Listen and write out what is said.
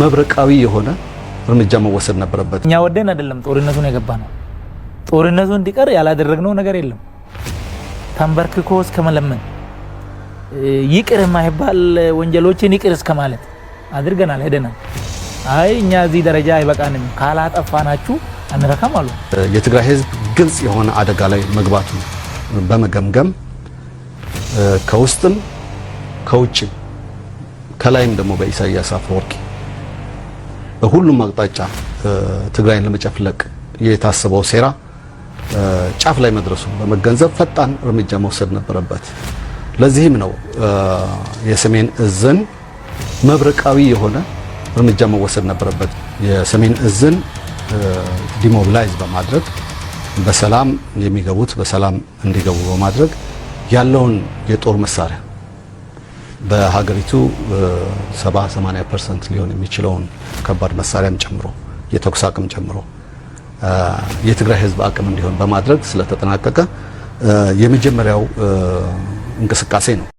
መብረቃዊ የሆነ እርምጃ መወሰድ ነበረበት። እኛ ወደን አይደለም ጦርነቱን የገባ ነው። ጦርነቱ እንዲቀር ያላደረግነው ነገር የለም። ተንበርክኮ እስከ መለመን ይቅር የማይባል ወንጀሎችን ይቅር እስከ ማለት አድርገናል፣ ሄደናል። አይ እኛ እዚህ ደረጃ አይበቃንም ካላጠፋናችሁ አንረካም አሉ። የትግራይ ህዝብ ግልጽ የሆነ አደጋ ላይ መግባቱ በመገምገም ከውስጥም ከውጭም ከላይም ደግሞ በኢሳያስ አፈወርቂ በሁሉም አቅጣጫ ትግራይን ለመጨፍለቅ የታሰበው ሴራ ጫፍ ላይ መድረሱን በመገንዘብ ፈጣን እርምጃ መውሰድ ነበረበት። ለዚህም ነው የሰሜን እዝን መብረቃዊ የሆነ እርምጃ መወሰድ ነበረበት። የሰሜን እዝን ዲሞቢላይዝ በማድረግ በሰላም የሚገቡት በሰላም እንዲገቡ በማድረግ ያለውን የጦር መሳሪያ በሀገሪቱ 70-80 ፐርሰንት ሊሆን የሚችለውን ከባድ መሳሪያም ጨምሮ የተኩስ አቅም ጨምሮ የትግራይ ህዝብ አቅም እንዲሆን በማድረግ ስለተጠናቀቀ የመጀመሪያው እንቅስቃሴ ነው።